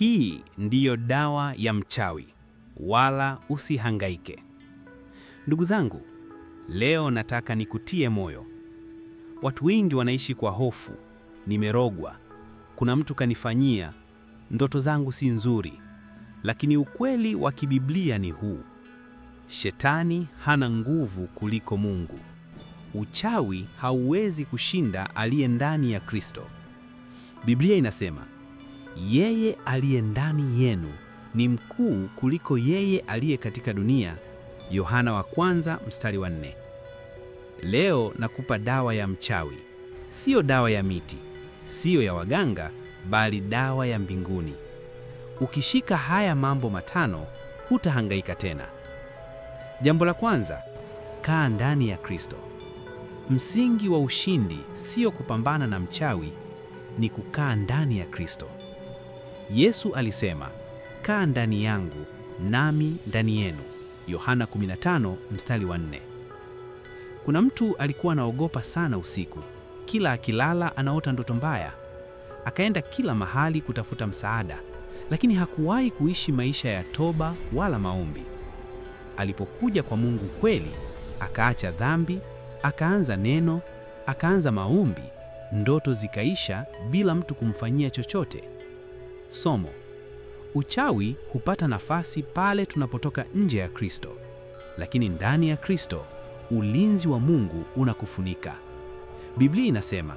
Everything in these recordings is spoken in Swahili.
Hii ndiyo dawa ya mchawi, wala usihangaike. Ndugu zangu, leo nataka nikutie moyo. Watu wengi wanaishi kwa hofu, nimerogwa, kuna mtu kanifanyia, ndoto zangu si nzuri. Lakini ukweli wa kibiblia ni huu: shetani hana nguvu kuliko Mungu. Uchawi hauwezi kushinda aliye ndani ya Kristo. Biblia inasema yeye aliye ndani yenu ni mkuu kuliko yeye aliye katika dunia. Yohana wa kwanza mstari wa nne. Leo nakupa dawa ya mchawi, siyo dawa ya miti, siyo ya waganga, bali dawa ya mbinguni. Ukishika haya mambo matano, hutahangaika tena. Jambo la kwanza, kaa ndani ya Kristo. Msingi wa ushindi sio kupambana na mchawi, ni kukaa ndani ya Kristo. Yesu alisema, kaa ndani yangu nami ndani yenu. Yohana 15 mstari wa 4. Kuna mtu alikuwa anaogopa sana usiku, kila akilala anaota ndoto mbaya. Akaenda kila mahali kutafuta msaada, lakini hakuwahi kuishi maisha ya toba wala maombi. Alipokuja kwa Mungu kweli, akaacha dhambi, akaanza neno, akaanza maombi, ndoto zikaisha bila mtu kumfanyia chochote. Somo: uchawi hupata nafasi pale tunapotoka nje ya Kristo, lakini ndani ya Kristo ulinzi wa Mungu unakufunika. Biblia inasema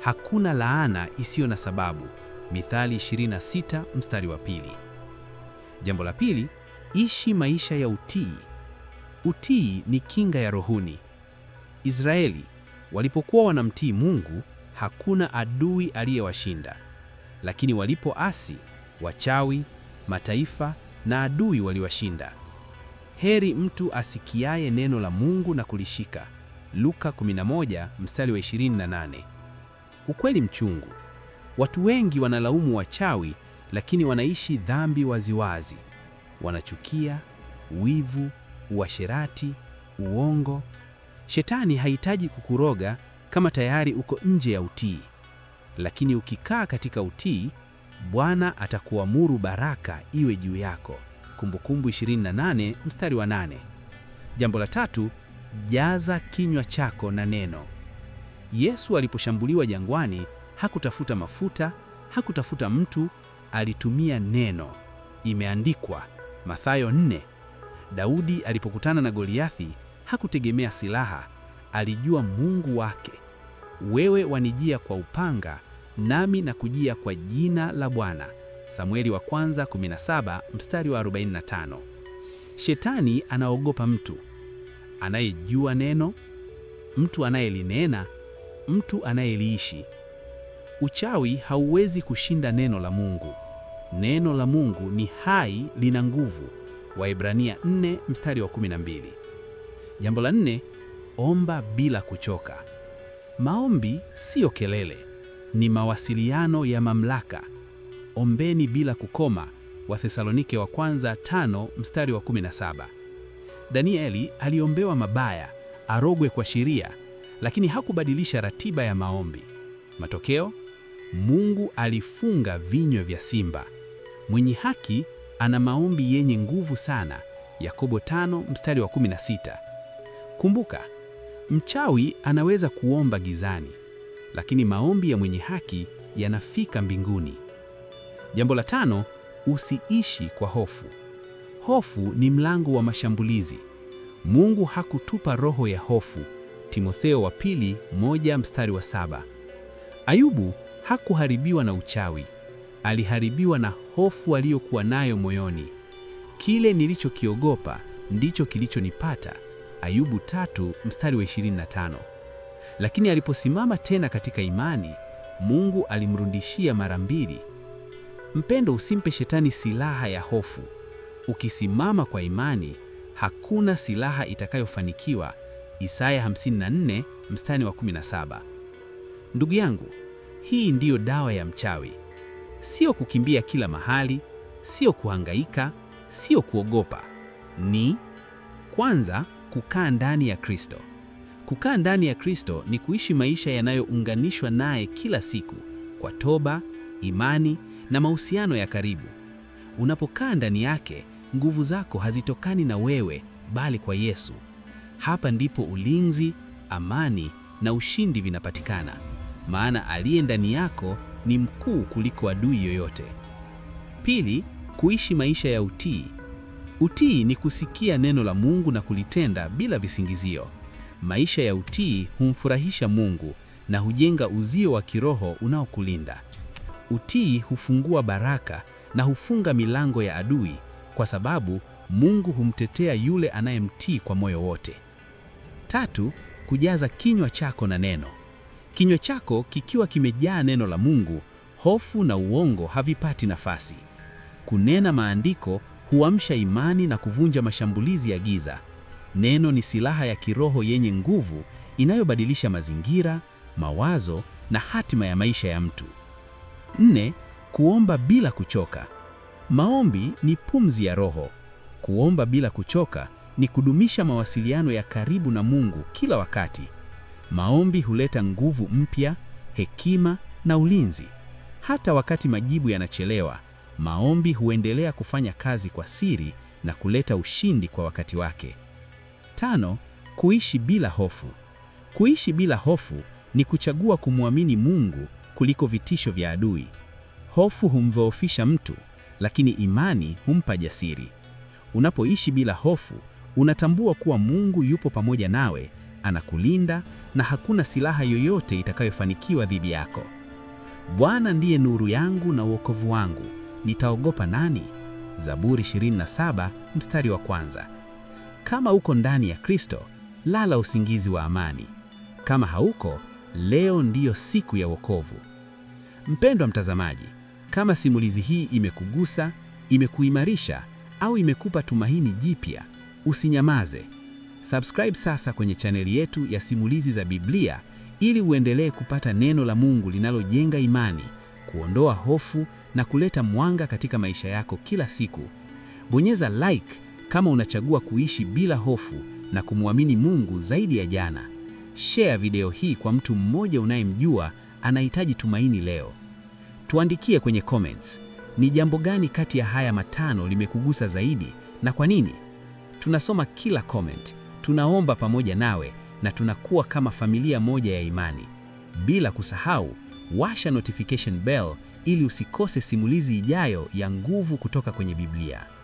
hakuna laana isiyo na sababu, Mithali 26 mstari wa pili. Jambo la pili, ishi maisha ya utii. Utii ni kinga ya rohuni. Israeli walipokuwa wanamtii Mungu, hakuna adui aliyewashinda lakini walipoasi, wachawi, mataifa na adui waliwashinda. Heri mtu asikiaye neno la Mungu na kulishika. Luka 11 mstari wa 28. Ukweli mchungu. Watu wengi wanalaumu wachawi, lakini wanaishi dhambi waziwazi. Wanachukia, wivu, uasherati, uongo. Shetani hahitaji kukuroga kama tayari uko nje ya utii lakini ukikaa katika utii, Bwana atakuamuru baraka iwe juu yako. Kumbukumbu 28 mstari wa 8. Jambo la tatu, jaza kinywa chako na neno. Yesu aliposhambuliwa jangwani hakutafuta mafuta, hakutafuta mtu, alitumia neno. Imeandikwa Mathayo 4. Daudi alipokutana na Goliathi hakutegemea silaha, alijua Mungu wake wewe wanijia kwa upanga, nami na kujia kwa jina la Bwana. Samueli wa kwanza 17 mstari wa 45. Shetani anaogopa mtu anayejua neno, mtu anayelinena, mtu anayeliishi. Uchawi hauwezi kushinda neno la Mungu. Neno la Mungu ni hai, lina nguvu. Waebrania 4 mstari wa 12. Jambo la nne, omba bila kuchoka. Maombi siyo kelele, ni mawasiliano ya mamlaka. Ombeni bila kukoma, Wathesalonike wa kwanza tano mstari wa 17. Danieli aliombewa mabaya, arogwe kwa sheria, lakini hakubadilisha ratiba ya maombi. Matokeo, Mungu alifunga vinywa vya simba. Mwenye haki ana maombi yenye nguvu sana, Yakobo tano mstari wa sita. Kumbuka, Mchawi anaweza kuomba gizani, lakini maombi ya mwenye haki yanafika mbinguni. Jambo la tano, usiishi kwa hofu. Hofu ni mlango wa mashambulizi. Mungu hakutupa roho ya hofu. Timotheo wa pili moja mstari wa saba. Ayubu hakuharibiwa na uchawi, aliharibiwa na hofu aliyokuwa nayo moyoni. Kile nilichokiogopa ndicho kilichonipata. Ayubu tatu mstari wa 25. Lakini aliposimama tena katika imani, Mungu alimrudishia mara mbili. Mpendo, usimpe shetani silaha ya hofu. Ukisimama kwa imani, hakuna silaha itakayofanikiwa. Isaya 54 mstari wa 17. Ndugu yangu, hii ndiyo dawa ya mchawi. Sio kukimbia kila mahali, sio kuhangaika, sio kuogopa. Ni kwanza kukaa ndani ya Kristo. Kukaa ndani ya Kristo ni kuishi maisha yanayounganishwa naye kila siku kwa toba, imani na mahusiano ya karibu. Unapokaa ndani yake, nguvu zako hazitokani na wewe bali kwa Yesu. Hapa ndipo ulinzi, amani na ushindi vinapatikana. Maana aliye ndani yako ni mkuu kuliko adui yoyote. Pili, kuishi maisha ya utii. Utii ni kusikia neno la Mungu na kulitenda bila visingizio. Maisha ya utii humfurahisha Mungu na hujenga uzio wa kiroho unaokulinda. Utii hufungua baraka na hufunga milango ya adui, kwa sababu Mungu humtetea yule anayemtii kwa moyo wote. Tatu, kujaza kinywa chako na neno. Kinywa chako kikiwa kimejaa neno la Mungu, hofu na uongo havipati nafasi. Kunena maandiko huamsha imani na kuvunja mashambulizi ya giza. Neno ni silaha ya kiroho yenye nguvu inayobadilisha mazingira, mawazo na hatima ya maisha ya mtu. Nne, kuomba bila kuchoka. Maombi ni pumzi ya roho. Kuomba bila kuchoka ni kudumisha mawasiliano ya karibu na Mungu kila wakati. Maombi huleta nguvu mpya, hekima na ulinzi, hata wakati majibu yanachelewa maombi huendelea kufanya kazi kwa siri na kuleta ushindi kwa wakati wake. Tano, kuishi bila hofu. Kuishi bila hofu ni kuchagua kumwamini Mungu kuliko vitisho vya adui. Hofu humdhoofisha mtu, lakini imani humpa jasiri. Unapoishi bila hofu, unatambua kuwa Mungu yupo pamoja nawe, anakulinda na hakuna silaha yoyote itakayofanikiwa dhidi yako. Bwana ndiye nuru yangu na wokovu wangu nitaogopa nani? Zaburi 27 mstari wa kwanza. Kama uko ndani ya Kristo, lala usingizi wa amani. Kama hauko, leo ndiyo siku ya wokovu. Mpendwa mtazamaji, kama simulizi hii imekugusa, imekuimarisha au imekupa tumaini jipya, usinyamaze. Subscribe sasa kwenye chaneli yetu ya Simulizi za Biblia ili uendelee kupata neno la Mungu linalojenga imani, kuondoa hofu na kuleta mwanga katika maisha yako kila siku. Bonyeza like kama unachagua kuishi bila hofu na kumwamini Mungu zaidi ya jana. Share video hii kwa mtu mmoja unayemjua anahitaji tumaini leo. Tuandikie kwenye comments, ni jambo gani kati ya haya matano limekugusa zaidi na kwa nini? Tunasoma kila comment, tunaomba pamoja nawe na tunakuwa kama familia moja ya imani. Bila kusahau, washa notification bell ili usikose simulizi ijayo ya nguvu kutoka kwenye Biblia.